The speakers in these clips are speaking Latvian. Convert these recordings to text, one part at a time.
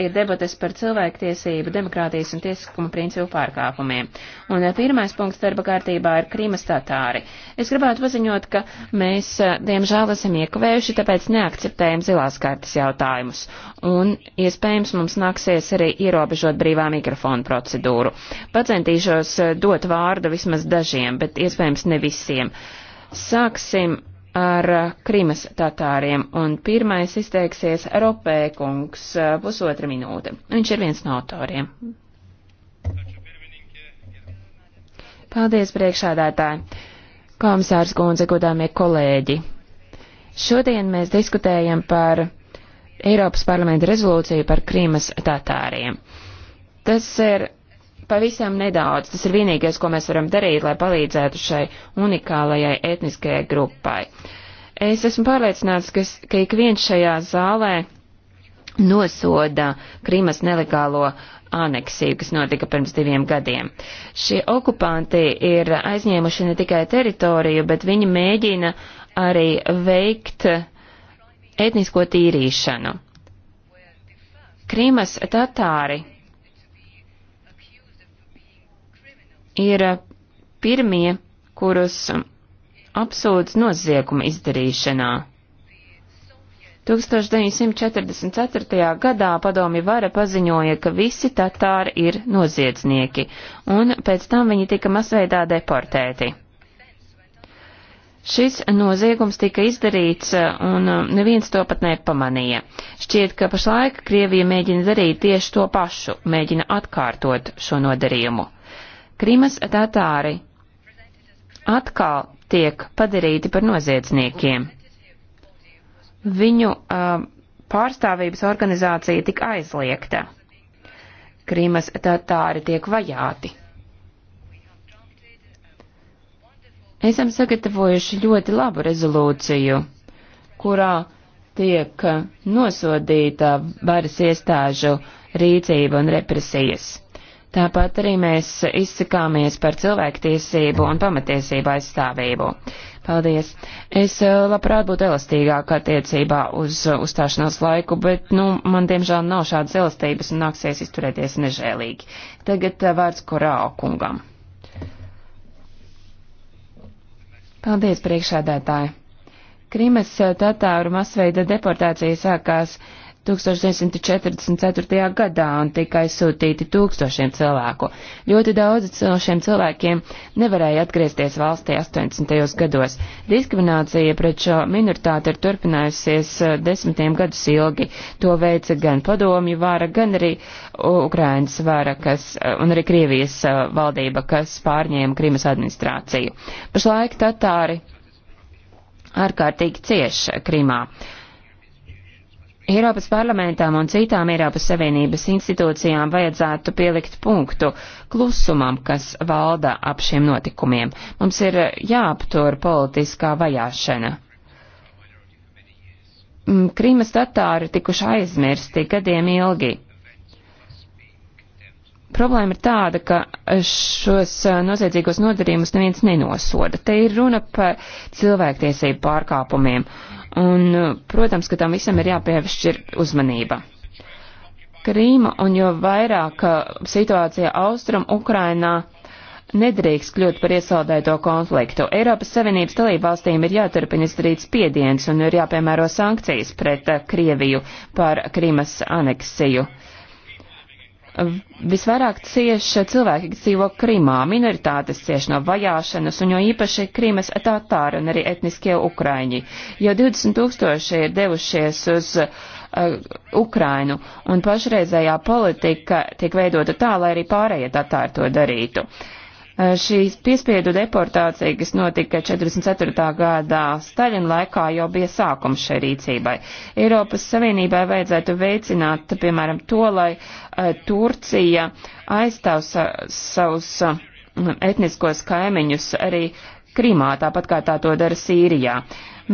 ir debates par cilvēktiesību, demokrātijas un tiesiskuma principu pārkāpumiem. Un eh, pirmais punkts darba kārtībā ir Krīmas tatāri. Es gribētu paziņot, ka mēs, eh, diemžēl, esam iekavējuši, tāpēc neakceptējam zilās kartas jautājumus. Un iespējams mums nāksies arī ierobežot brīvā mikrofona procedūru. Pacentīšos eh, dot vārdu vismaz dažiem, bet iespējams ne visiem. Sāksim ar uh, Krimas tatāriem, un pirmais izteiksies Ropēkungs uh, pusotra minūte. Viņš ir viens no autoriem. Paldies, priekšādātāji! Komisārs Gonze, godāmie kolēģi! Šodien mēs diskutējam par Eiropas parlamenta rezolūciju par Krīmas tatāriem. Tas ir pavisam nedaudz. Tas ir vienīgais, ko mēs varam darīt, lai palīdzētu šai unikālajai etniskajai grupai. Es esmu pārliecināts, ka, ka ik viens šajā zālē nosoda Krīmas nelegālo aneksiju, kas notika pirms diviem gadiem. Šie okupanti ir aizņēmuši ne tikai teritoriju, bet viņi mēģina arī veikt etnisko tīrīšanu. Krīmas tatāri ir eh, pirmie, kurus eh, apsūdz nozieguma izdarīšanā. 1944. gadā padomi vara paziņoja, ka visi tatāri ir noziedznieki, un pēc tam viņi tika masveidā deportēti. Šis noziegums tika izdarīts, eh, un neviens to pat nepamanīja. Šķiet, ka pašlaik Krievija mēģina darīt tieši to pašu, mēģina atkārtot šo nodarījumu. Krimas tatāri atkal tiek padarīti par noziedzniekiem. Viņu uh, pārstāvības organizācija tika aizliegta. Krimas tatāri tiek vajāti. Esam sagatavojuši ļoti labu rezolūciju, kurā tiek nosodīta varas iestāžu rīcība un represijas. Tāpat arī mēs izsakāmies par cilvēktiesību un pamatiesību aizstāvību. Paldies. Es eh, labprāt būtu elastīgāk attiecībā uz uzstāšanās laiku, bet, nu, man diemžēl nav šādas elastības un nāksies izturēties nežēlīgi. Tagad eh, vārds Korāo kungam. Paldies, priekšādētāji. Krimas eh, tatāru masveida deportācija sākās 1944. gadā un tika aizsūtīti tūkstošiem cilvēku. Ļoti daudzi no šiem cilvēkiem nevarēja atgriezties valstī 80. gados. Diskriminācija pret šo minoritāti ir turpinājusies e, desmitiem gadus ilgi. To veica gan padomju vāra, gan arī Ukrainas vāra, kas, e, un arī Krievijas e, valdība, kas pārņēma Krimas administrāciju. Pašlaik Tatāri ārkārtīgi cieši Krimā. Eiropas parlamentam un citām Eiropas Savienības institūcijām vajadzētu pielikt punktu klusumam, kas valda ap šiem notikumiem. Mums ir jāaptur politiskā vajāšana. Mm, Krīmas tatāri tikuši aizmirsti gadiem ilgi. Problēma ir tāda, ka šos noziedzīgos nodarījumus neviens nenosoda. Te ir runa par cilvēktiesību pārkāpumiem. Un, eh, protams, ka tam visam ir jāpievešķir uzmanība. Krīma un jo vairāk eh, situācija austrum Ukrainā nedrīkst kļūt par iesaldēto konfliktu. Eiropas Savienības dalībvalstīm ir jāturpina izdarīt spiediens un ir jāpiemēro sankcijas pret eh, Krieviju par Krīmas aneksiju. Uh, visvairāk cieši cilvēki, kas dzīvo Krimā, minoritātes cieši no vajāšanas, un jo īpaši Krimas tātāri un arī etniskie ukraiņi. Jau 20 tūkstoši ir devušies uz uh, Ukrainu, un pašreizējā politika tiek veidota tā, lai arī pārējie tātāri to darītu. Uh, Eh, Šīs piespiedu deportācija, kas notika 44. gadā Staļina laikā, jau bija sākums šai rīcībai. Eiropas Savienībai vajadzētu veicināt, piemēram, to, lai eh, Turcija aizstāv sa savus eh, etniskos kaimiņus arī Krimā, tāpat kā tā to dara Sīrijā.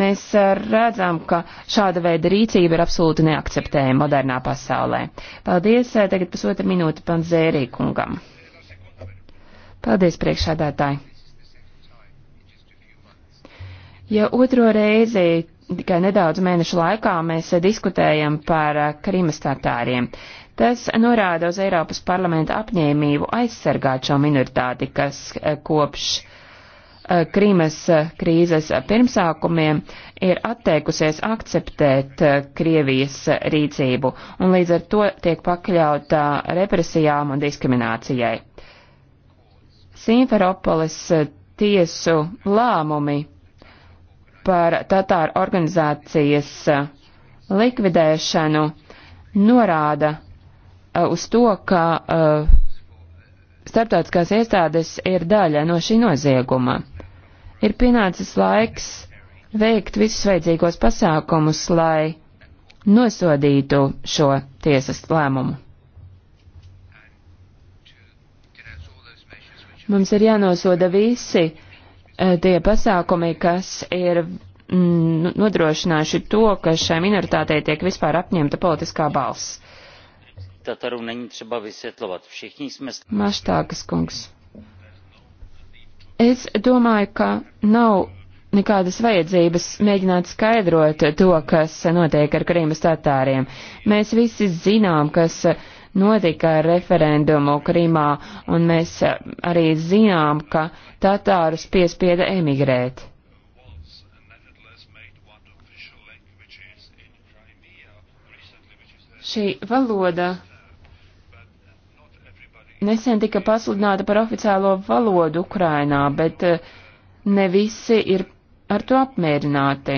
Mēs redzam, ka šāda veida rīcība ir absolūti neakceptējama modernā pasaulē. Paldies, tagad pusotra minūte pan Zērī kungam. Paldies, priekšādātāji! Ja otro reizi tikai nedaudz mēnešu laikā mēs diskutējam par eh, Krimas tatāriem, Tas norāda uz Eiropas parlamenta apņēmību aizsargāt šo minoritāti, kas eh, kopš eh, Krīmas krīzes pirmsākumiem ir atteikusies akceptēt Krievijas rīcību un līdz ar to tiek pakļauta represijām un diskriminācijai. Simferopolis eh, tiesu lēmumi par Tatāru organizācijas eh, likvidēšanu norāda eh, uz to, ka uh, starptautiskās iestādes ir daļa no šī nozieguma. Ir pienācis laiks veikt visus vajadzīgos pasākumus, lai nosodītu šo tiesas lēmumu. Mums ir jānosoda visi e, tie pasākumi, kas ir mm, nu, nodrošinājuši to, ka šai minoritātei tiek vispār apņemta politiskā balss. Tatarů není třeba vysvětlovat. Všichni jsme... Maštākas kungs. Es domāju, ka nav nekādas vajadzības mēģināt skaidrot to, kas notiek ar Krīmas tatāriem. Mēs visi zinām, kas notika ar referendumu Krīmā, un mēs arī zinām, ka tatārus piespieda emigrēt. Šī valoda nesen tika pasludināta par oficiālo valodu Ukrainā, bet eh, ne visi ir ar to apmierināti.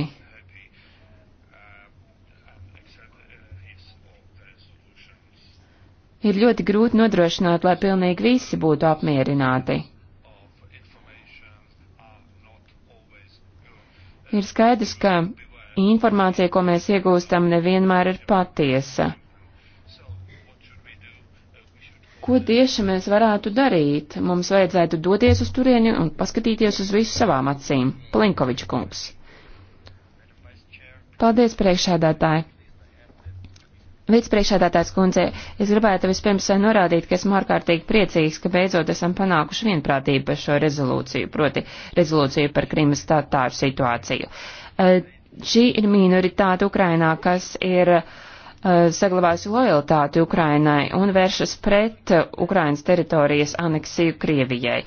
Ir ļoti grūti nodrošināt, lai pilnīgi visi būtu apmierināti. Ir skaidrs, ka informācija, ko mēs iegūstam, nevienmēr ir patiesa. Ko tieši mēs varētu darīt? Mums vajadzētu doties uz turieni un paskatīties uz visu savām acīm. Plinkoviča kungs. Paldies, priekšādātāji. Vicepriekšādātājs kundze, es gribētu vispirms norādīt, ka esmu ārkārtīgi priecīgs, ka beidzot esam panākuši vienprātību par šo rezolūciju, proti rezolūciju par Krimas tātāru situāciju. Uh, šī ir minoritāte Ukrainā, kas ir uh, Eh, saglabās lojalitāti Ukrainai un vēršas pret eh, Ukrainas teritorijas aneksiju Krievijai.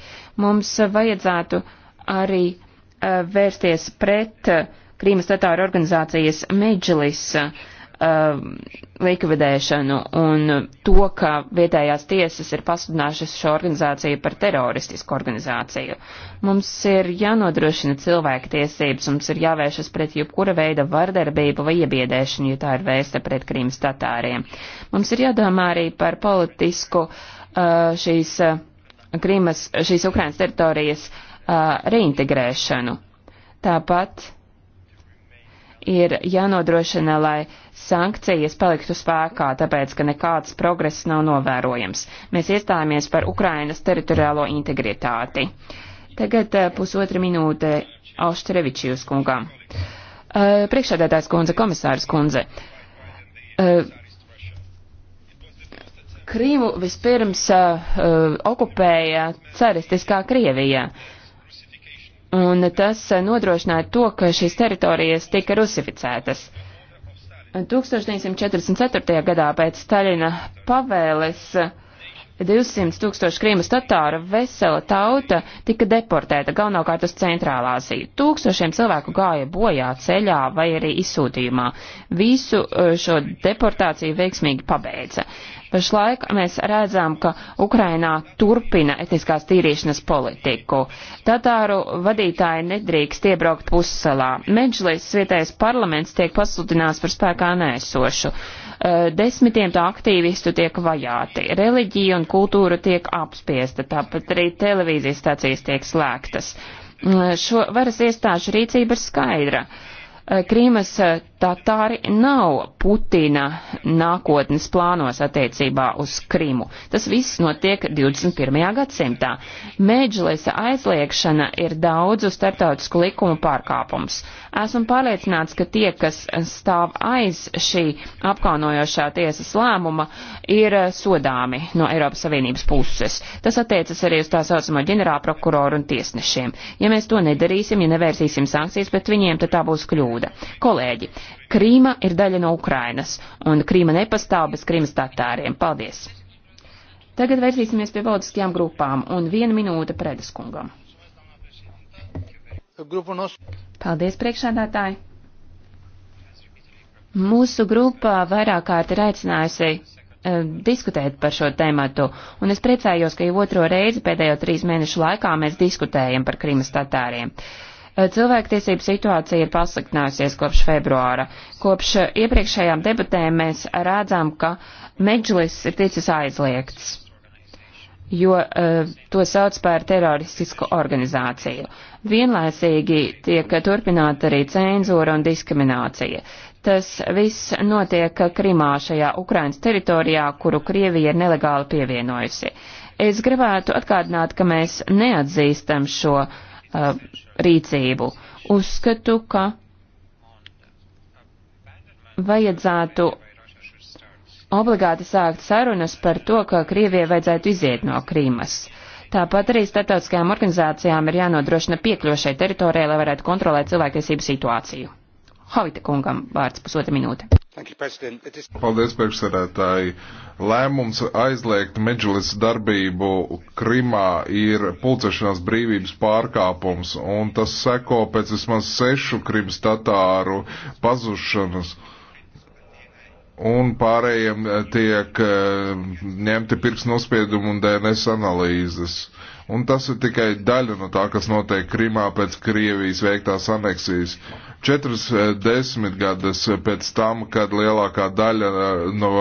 Mums vajadzētu arī eh, vērsties pret Krīmas tatāru organizācijas Medžlis Um, likvidēšanu un to, ka vietējās tiesas ir pasludinājušas šo organizāciju par teroristisku organizāciju. Mums ir jānodrošina cilvēku tiesības, mums ir jāvēršas pret jebkura veida vardarbību vai iebiedēšanu, ja tā ir vēsta pret Krīmas tatāriem. Mums ir jādomā arī par politisku uh, šīs uh, Krīmas, šīs Ukrainas teritorijas uh, reintegrēšanu. Tāpat ir jānodrošina, lai sankcijas paliktu spēkā, tāpēc, ka nekāds progress nav novērojams. Mēs iestājāmies par Ukrainas teritoriālo integritāti. Tagad eh, pusotra minūte Auštrevičijus kungam. Eh, Priekšādētājs kundze, komisārs kundze. Eh, Krīmu vispirms okupēja caristiskā Krievija un tas nodrošināja to, ka šīs teritorijas tika rusificētas. 1944. gadā pēc Staļina pavēles 200 tūkstoši Krīmas tatāru vesela tauta tika deportēta galvenokārt uz Centrālā Aziju. Tūkstošiem cilvēku gāja bojā ceļā vai arī izsūtījumā. Visu eh, šo deportāciju veiksmīgi pabeidza. Pašlaik mēs redzam, ka Ukrainā turpina etniskās tīrīšanas politiku. Tatāru vadītāji nedrīkst iebraukt pussalā. Medžlis vietējais parlaments tiek pasludināts par spēkā nēsošu. Desmitiem tā aktīvistu tiek vajāti. Reliģija un kultūra tiek apspiesta, tāpat arī televīzijas stācijas tiek slēgtas. Šo varas iestāžu rīcība ir skaidra. Krīmas Tatāri nav Putina nākotnes plānos attiecībā uz Krimu. Tas viss notiek 21. gadsimtā. Mēģelisa aizliekšana ir daudzu starptautisku likumu pārkāpums. Esmu pārliecināts, ka tie, kas stāv aiz šī apkaunojošā tiesas lēmuma, ir sodāmi no Eiropas Savienības puses. Tas attiecas arī uz tā saucamo ģenerālprokuroru un tiesnešiem. Ja mēs to nedarīsim, ja nevērsīsim sankcijas pret viņiem, tad tā būs kļūda. Kolēģi, Krīma ir daļa no Ukrainas, un Krīma nepastāv bez Krīmas tatāriem. Paldies! Tagad vērsīsimies pie valdiskajām grupām, un viena minūte predaskungam. Paldies, priekšādātāji! Mūsu grupā vairāk kārt ir aicinājusi eh, diskutēt par šo tēmatu, un es priecājos, ka jau otro reizi pēdējo trīs mēnešu laikā mēs diskutējam par Krimas tatāriem. Uh, Eh, cilvēktiesību situācija ir pasliktinājusies kopš februāra. Kopš eh, iepriekšējām debatēm mēs redzam, ka medžlis ir ticis aizliegts, jo uh, to sauc par teroristisku organizāciju. Vienlaicīgi tiek turpināta arī cenzūra un diskriminācija. Tas viss notiek Krimā šajā Ukrainas teritorijā, kuru Krievija ir nelegāli pievienojusi. Es gribētu atkārtināt, ka mēs neatzīstam šo uh, uh, rīcību. Uzskatu, ka vajadzētu obligāti sākt sarunas par to, ka Krievijai vajadzētu iziet no Krīmas. Tāpat arī starptautiskajām organizācijām ir jānodrošina piekļošai teritorijai, lai varētu kontrolēt cilvēktiesību situāciju. Havita kungam vārds pusotra minūte. Paldies, priekšsēdētāji. Lēmums aizliegt medžlis darbību Krimā ir pulcešanās brīvības pārkāpums, un tas seko pēc vismaz sešu Krimas tatāru pazušanas. Uh, un pārējiem eh, tiek eh, ņemti pirks nospiedumi un DNS analīzes. Un tas ir tikai daļa no tā, kas notiek Krimā pēc Krievijas veiktās aneksijas. Četras eh, desmitgades pēc tam, kad lielākā daļa no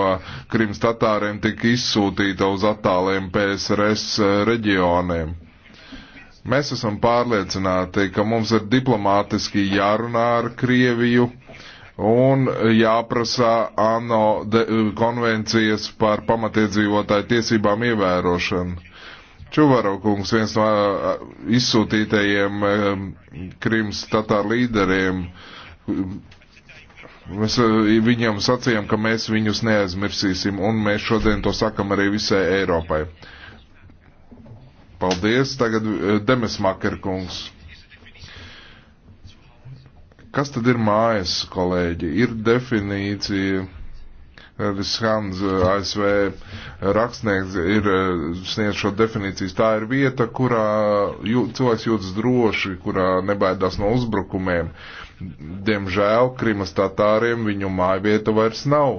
Krimas tatāriem tika izsūtīta uz attāliem PSRS reģioniem. Mēs esam pārliecināti, ka mums ir diplomātiski jārunā ar Krieviju un jāprasa ANO konvencijas par pamatiedzīvotāju tiesībām ievērošanu. Čuvarokungs, viens no izsūtītajiem Krimas tatāru līderiem, mēs viņam sacījām, ka mēs viņus neaizmirsīsim, un mēs šodien to sakam arī visai Eiropai. Paldies, tagad Demes Makerkungs. Kas tad ir mājas, kolēģi? Ir definīcija. Elvis Hans, eh, ASV rakstnieks, ir eh, sniedz šo definīciju. Tā ir vieta, kurā jū, cilvēks jūtas droši, kurā nebaidās no uzbrukumiem. Diemžēl Krimas tatāriem viņu māja vieta vairs nav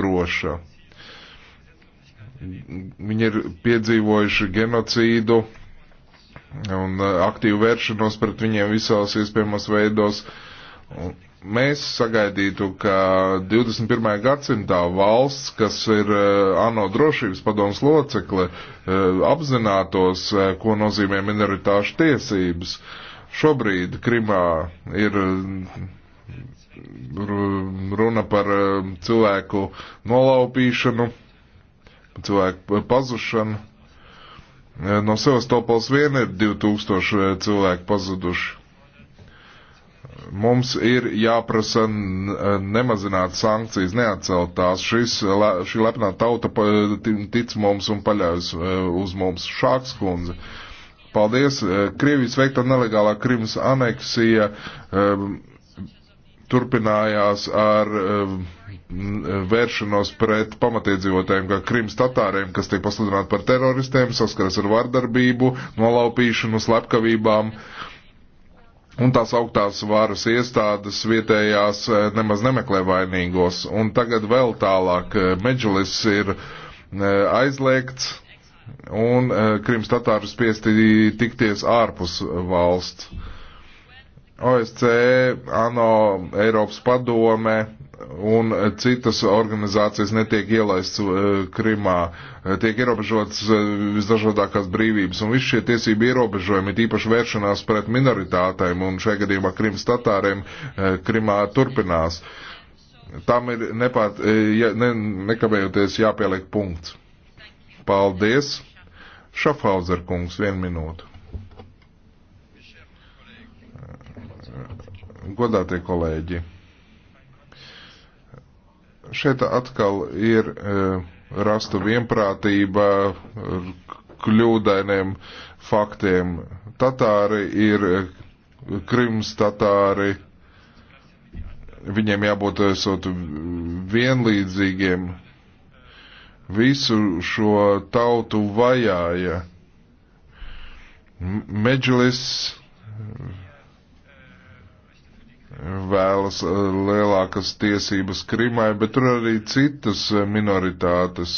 droša. Viņi ir piedzīvojuši genocīdu un eh, aktīvu vēršanos pret viņiem visās iespējamos veidos. Uh, Mēs sagaidītu, ka 21. gadsimtā valsts, kas ir eh, ANO drošības padomas locekle, eh, apzinātos, eh, ko nozīmē minoritāšu tiesības. Šobrīd Krimā ir mm, runa par cilvēku nolaupīšanu, cilvēku pazušanu. No Sevastopols vien ir 2000 cilvēku pazuduši. Mums ir jāprasa nemazināt sankcijas, neatcelt tās. Šis, šī lepnā tauta tic mums un paļaujas e, uz mums. Šāks kundze. Paldies. E, Krievijas veikta nelegālā Krimas aneksija e, turpinājās ar vēršanos pret pamatiedzīvotājiem, kā Krimas tatāriem, kas tiek pasludināti par teroristiem, saskaras ar vardarbību, nolaupīšanu, slepkavībām. Uh, un tās augtās varas iestādes vietējās eh, nemaz nemeklē vainīgos. Un tagad vēl tālāk eh, medžulis ir eh, aizliegts un Krims Tatāru spiesti tikties ārpus valsts. OSCE, ANO, Eiropas padome un citas organizācijas netiek ielaists uh, Krimā, uh, tiek ierobežotas uh, visdažādākās brīvības, un visi šie tiesību ierobežojumi, tīpaši vēršanās pret minoritātēm, un šajā gadījumā Krimas tatāriem, Krimā turpinās. Tam ir nepār, ja, ne, nekavējoties jāpieliek punkts. Paldies! Šafhauser kungs, vienu minūtu. Godātie kolēģi! Šeit atkal ir e, rasta vienprātība ar kļūdainiem faktiem. Tatāri ir e, Krims tatāri, viņiem jābūt esot vienlīdzīgiem. Visu šo tautu vajāja. Medžlis vēlas eh, lielākas tiesības Krimai, bet tur arī citas eh, minoritātes.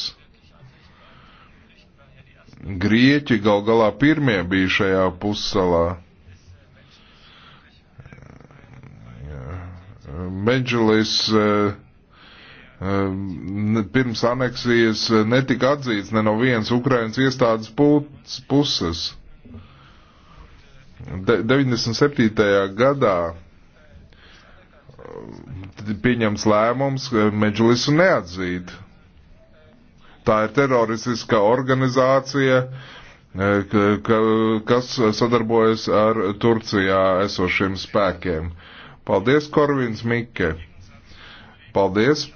Grieķi gal galā pirmie bija šajā pussalā. Medžulis eh, pirms aneksijas netika atzīts ne no vienas Ukrainas iestādes puses. De 97. gadā pieņems lēmums medžlisu neatzīt. Tā ir teroristiska organizācija, e, ka, kas sadarbojas ar Turcijā esošiem spēkiem. Paldies, Korvins Mikke. Paldies.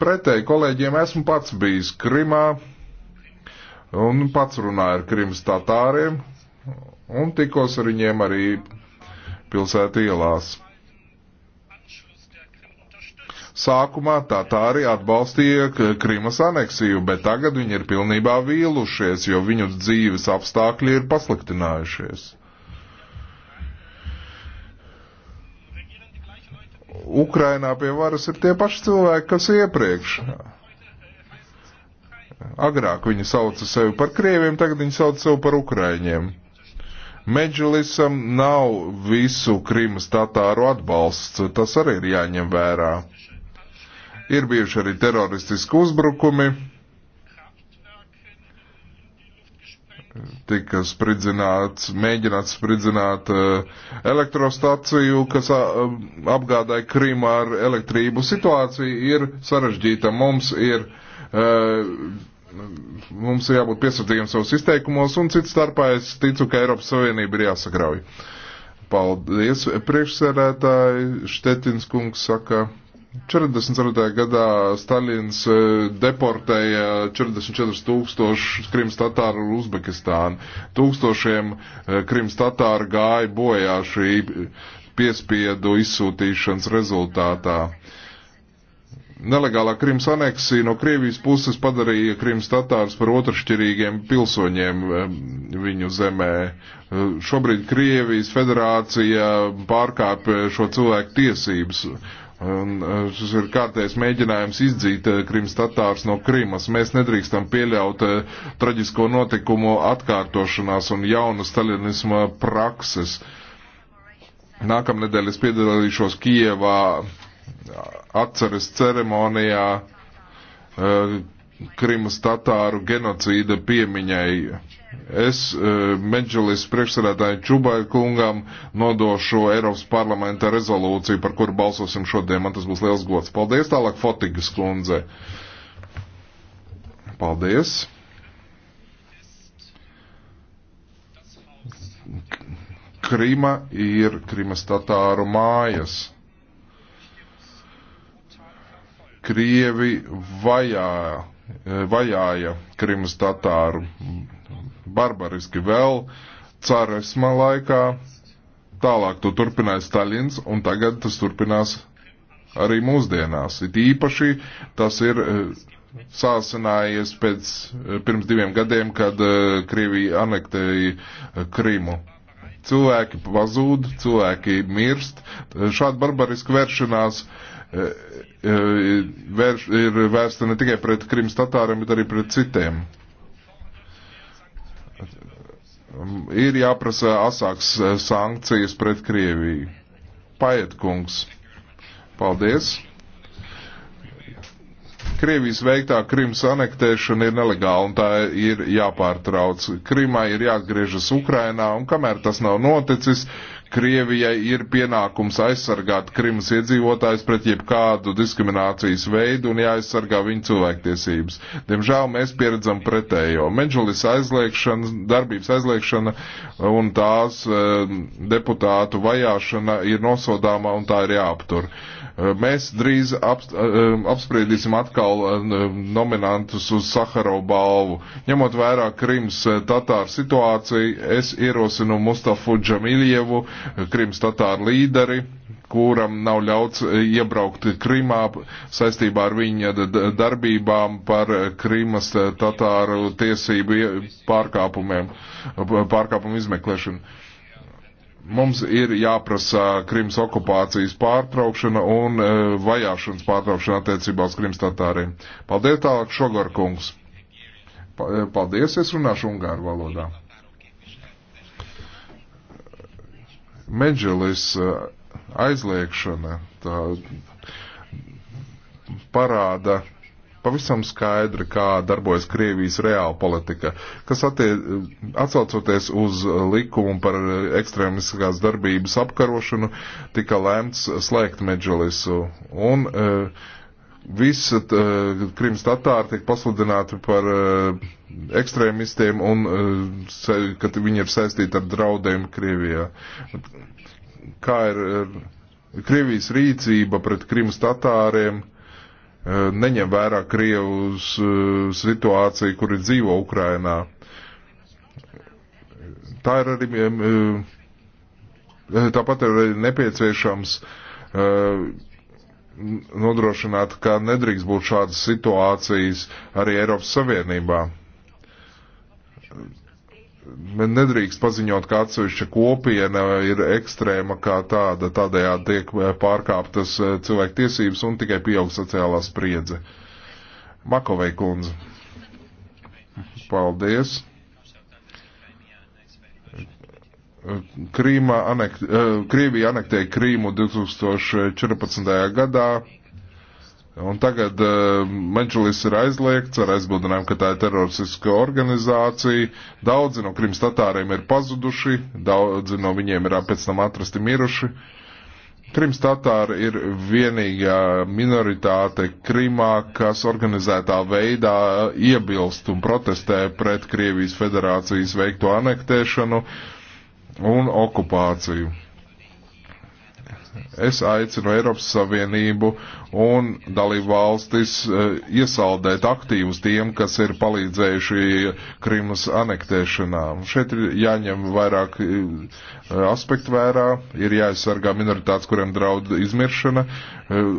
Pretēji kolēģiem esmu pats bijis Krimā un pats runāju ar Krimas tatāriem un tikos ar viņiem arī pilsētu ielās sākumā Tātāri atbalstīja Krimas aneksiju, bet tagad viņi ir pilnībā vīlušies, jo viņu dzīves apstākļi ir pasliktinājušies. Ukrainā pie varas ir tie paši cilvēki, kas iepriekš. Agrāk viņi sauca sevi par krieviem, tagad viņi sauc sevi par ukraiņiem. Medželisam nav visu Krimas tatāru atbalsts, tas arī ir jāņem vērā. Ir bijuši arī teroristiski uzbrukumi, tika spridzināts, mēģināts spridzināt eh, elektrostaciju, kas eh, apgādāja Krīmu ar elektrību. Situācija ir sarežģīta. Mums ir, eh, mums ir jābūt piesardzīgiem savus izteikumos, un cits starpā es ticu, ka Eiropas Savienība ir jāsagrauj. Paldies, priekšsēdētāji, Štetins kungs saka. 44. gadā Stalins e, deportēja 44 tūkstošus krims tatāru uz Uzbekistānu. Tūkstošiem e, krims tatāru gāja bojā šī piespiedu izsūtīšanas rezultātā. Nelegālā krims aneksija no Krievijas puses padarīja krims tatārus par otršķirīgiem pilsoņiem e, viņu zemē. Šobrīd Krievijas federācija pārkāpja šo cilvēku tiesības Un e, šis ir kārtējs mēģinājums izdzīt e, Krimas tatārs no Krimas. Mēs nedrīkstam pieļaut e, traģisko notikumu atkārtošanās un jaunu stalinisma prakses. Nākamnedēļ es piedalīšos Kijevā atceres ceremonijā Krimas tatāru genocīda piemiņai. Es uh, eh, Medžulis priekšsēdētāju Čubai kungam nodošu Eiropas parlamenta rezolūciju, par kuru balsosim šodien. Man tas būs liels gods. Paldies tālāk Fotigas kundze. Paldies. Krima ir Krimas tatāru mājas. Krievi vajā Eh, vajāja Krimas tatāru barbariski vēl caresma laikā. Tālāk to turpināja Staļins, un tagad tas turpinās arī mūsdienās. It īpaši tas ir eh, sāsinājies pēc eh, pirms diviem gadiem, kad Krievija anektēja Krimu. Cilvēki pazūd, cilvēki mirst. Šāda barbariska vēršanās uh, Eh, eh, vērš, ir vērsta ne tikai pret Krimas tatāriem, bet arī pret citiem. Mm, ir jāprasa asāks eh, sankcijas pret Krieviju. Paiet kungs. Paldies. Krievijas veiktā Krimas anektēšana ir nelegāla un tā ir jāpārtrauc. Krimā ir jāatgriežas Ukrainā un kamēr tas nav noticis, Krievijai ir pienākums aizsargāt Krimas iedzīvotājus pret jebkādu diskriminācijas veidu un jāaizsargā viņu cilvēktiesības. Diemžēl mēs pieredzam pretējo. Medžulis aizliekšana, darbības aizliekšana un tās e, deputātu vajāšana ir nosodāmā un tā ir jāaptur. E, Eh, mēs drīz ap, eh, eh, apspriedīsim atkal nominantus uz Saharovu balvu. Ņemot vērā Krims Tatāru situāciju, es ierosinu Mustafu Džamiljevu, Krims Tatāru līderi, kuram nav ļauts iebraukt Krimā saistībā ar viņa darbībām par Krimas Tatāru tiesību pārkāpumiem, pārkāpumu izmeklēšanu. Mums ir jāprasa Krimas okupācijas pārtraukšana un e, vajāšanas pārtraukšana attiecībā uz Krimas tatāriem. Paldies tālāk, Šogar kungs. E, paldies, es runāšu ungāru valodā. Medželis e, aizliekšana tā parāda pavisam skaidri, kā darbojas Krievijas reāla politika, kas attie, atsaucoties uz likumu par ekstrēmiskās darbības apkarošanu, tika lēmts slēgt medželisu. Un uh, e, visi uh, e, krims tatāri tika pasludināti par uh, ekstrēmistiem un, uh, ka viņi ir saistīti ar draudiem Krievijā. Kā ir. Uh, Krievijas rīcība pret Krimas tatāriem Eh, neņem vērā Krievus eh, situāciju, kuri dzīvo Ukrainā. Tā ir arī, eh, tāpat ir arī nepieciešams nodrošināt, ka nedrīkst būt šādas situācijas arī Eiropas Savienībā nedrīkst paziņot, ka atsevišķa kopiena ir ekstrēma kā tāda, tādējādi tiek eh, pārkāptas eh, cilvēku tiesības un tikai pieaug sociālā spriedze. Makovei kundze. Paldies. Krīma anek, eh, Krievija anektēja Krīmu 2014. gadā Un tagad uh, eh, Medžulis ir aizliegts ar aizbildinājumu, ka tā ir teroristiska organizācija. Daudzi no krims tatāriem ir pazuduši, daudzi no viņiem ir pēc tam atrasti miruši. Krims tatāri ir vienīgā minoritāte Krimā, kas organizētā veidā iebilst un protestē pret Krievijas federācijas veikto anektēšanu un okupāciju. Es aicinu Eiropas Savienību un dalību valstis eh, iesaldēt aktīvus tiem, kas ir palīdzējuši Krimas anektēšanā. Šeit ir jāņem vairāk eh, aspektu vērā, ir jāaizsargā minoritātes, kuriem draud izmiršana. Eh,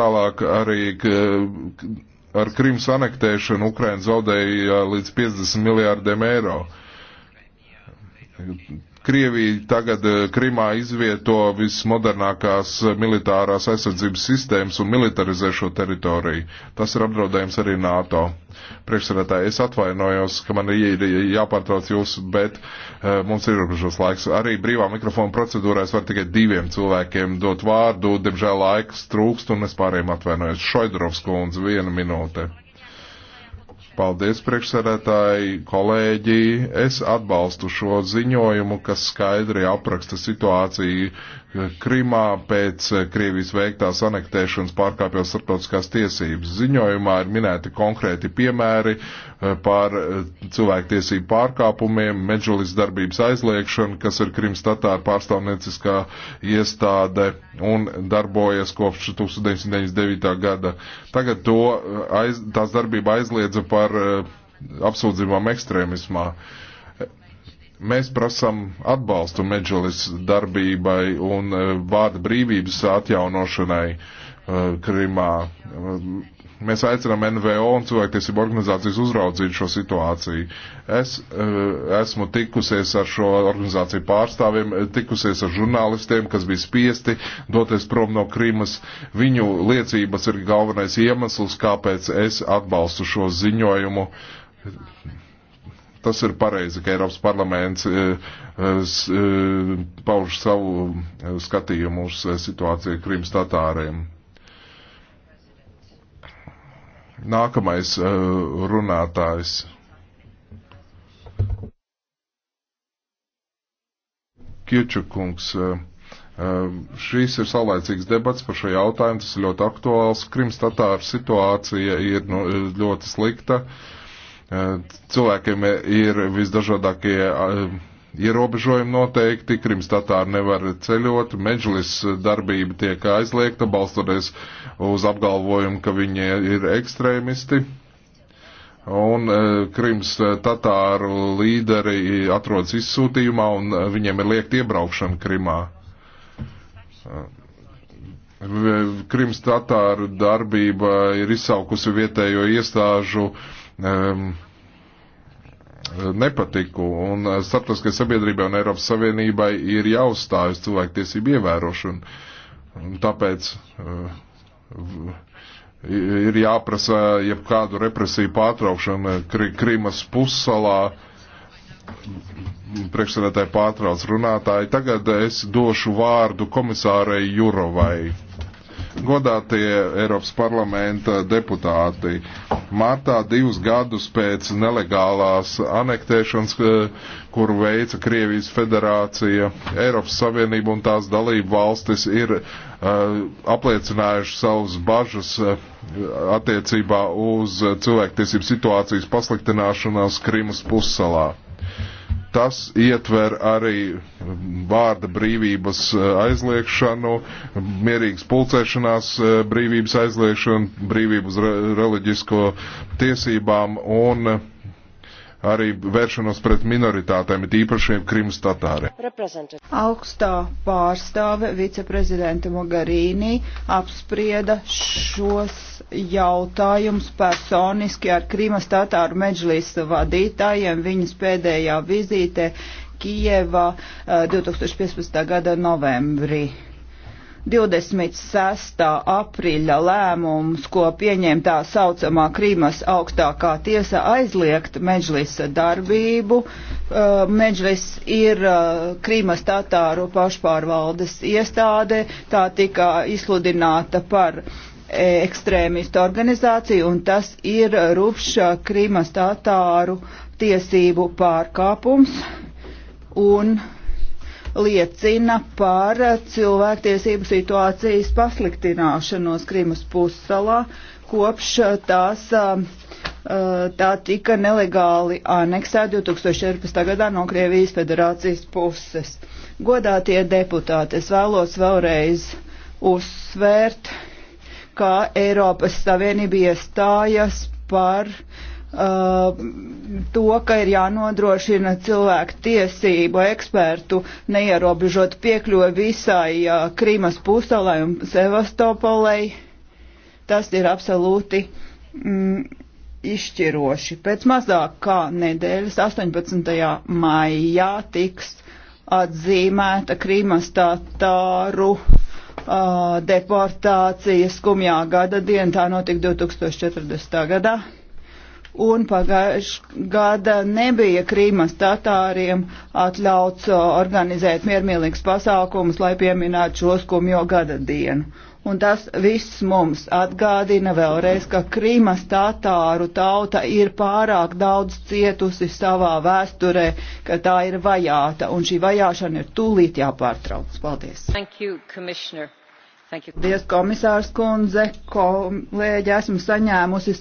tālāk arī ar Krimas anektēšanu Ukraina zaudēja līdz 50 miljārdiem eiro Krievija tagad eh, Krimā izvieto vismodernākās eh, militārās aizsardzības sistēmas un militarizē šo teritoriju. Tas ir apdraudējums arī NATO. Priekšsēdētāji, es atvainojos, ka man ir jāpārtrauc jūs, bet uh, mums ir ierobežos laiks. Arī brīvā mikrofona procedūrā es varu tikai diviem cilvēkiem dot vārdu. Diemžēl laiks trūkst un es pārējiem atvainojos. Šoidrovs kundze, viena minūte. Paldies, priekšsarētāji, kolēģi. Es atbalstu šo ziņojumu, kas skaidri apraksta situāciju Krimā pēc Krievijas veiktās anektēšanas pārkāpjot starptautiskās tiesības. Ziņojumā ir minēti konkrēti piemēri eh, par eh, cilvēktiesību pārkāpumiem, medžulis darbības aizliekšanu, kas ir Krims Tatāra pārstāvnieciskā iestāde un darbojas kopš 1999. gada. Tagad to aiz, tās darbība aizliedza par par eh, apsūdzībām ekstrēmismā. Mēs prasam atbalstu medžulis darbībai un eh, vārda brīvības atjaunošanai eh, Krimā. Mēs aicinām NVO un cilvēktiesību organizācijas uzraudzīt šo situāciju. Es eh, esmu tikusies ar šo organizāciju pārstāvjiem, tikusies ar žurnālistiem, kas bija spiesti doties prom no Krīmas. Viņu liecības ir galvenais iemesls, kāpēc es atbalstu šo ziņojumu. Tas ir pareizi, ka Eiropas parlaments eh, eh, pauž savu skatījumu uz situāciju Krīmas tatāriem. Nākamais uh, runātājs. Kirčukungs. Uh, uh, Šīs ir saulēcīgs debats par šo jautājumu, tas ir ļoti aktuāls. Krimstatāra situācija ir nu, ļoti slikta. Cilvēkiem ir visdažādākie ierobežojumi noteikti, krimstatāri nevar ceļot, medžlis darbība tiek aizliegta, balstoties uz apgalvojumu, ka viņi ir ekstrēmisti. Un e, krims tatāru līderi atrodas izsūtījumā un viņiem ir liekt iebraukšana Krimā. E, krims tatāru darbība ir izsaukusi vietējo iestāžu um, nepatiku, un uh, starptautiskai sabiedrībai un Eiropas Savienībai ir jāuzstājas cilvēktiesību ievērošana. Un tāpēc uh, ir jāprasa jebkādu represiju pārtraukšanu Kri Krimas pussalā. Priekšsēdētāji pārtrauc runātāji. Tagad es došu vārdu komisārai Jurovai. Godātie Eiropas parlamenta deputāti, martā divus gadus pēc nelegālās anektēšanas, eh, kuru veica Krievijas federācija, Eiropas Savienība un tās dalību valstis ir uh, apliecinājuši savus bažas uh, attiecībā uz cilvēktiesību situācijas pasliktināšanās Krimas pussalā. Tas ietver arī vārda brīvības eh, aizliekšanu, mierīgas pulcēšanās eh, brīvības aizliekšanu, brīvības reliģisko tiesībām un arī vēršanos pret minoritātēm, it īpašiem Krimas tatāriem. Augstā pārstāve viceprezidenta Mogarīnī apsprieda šos jautājumus personiski ar Krimas tatāru medžlīsta vadītājiem viņas pēdējā vizītē Kijevā 2015. Eh, gada novembrī. 26. aprīļa lēmums, ko pieņēma tā saucamā Krīmas augstākā tiesa aizliegt medžlisa darbību. Uh, Medžlis ir uh, Krīmas tatāru pašpārvaldes iestāde, tā tika izsludināta par e, ekstrēmistu organizāciju, un tas ir rupša Krīmas tatāru tiesību pārkāpums. Un liecina par eh, cilvēktiesību situācijas pasliktināšanos Krimas pussalā kopš eh, tās eh, tā tika nelegāli aneksēta 2014. gadā no Krievijas federācijas puses. Godātie deputāti, es vēlos vēlreiz uzsvērt, kā Eiropas Savienība iestājas par uh, Uh, to, ka ir jānodrošina cilvēku tiesību ekspertu neierobežot piekļuvi visai uh, Krīmas puselai un Sevastopolai. Tas ir absolūti mm, izšķiroši. Pēc mazāk kā nedēļas 18. maijā tiks atzīmēta Krīmas tātāru uh, deportācija skumjā gada diena, tā notika 2040. gadā un pagājušā gada nebija Krīmas tatāriem atļauts uh, organizēt miermīlīgs pasākumus, lai pieminētu šo skumjo gada dienu. Un tas viss mums atgādina vēlreiz, ka Krīmas tatāru tauta ir pārāk daudz cietusi savā vēsturē, ka tā ir vajāta, un šī vajāšana ir tūlīt jāpārtrauc. Paldies! Thank you, Paldies, komisārs kundze, kolēģi, esmu saņēmusi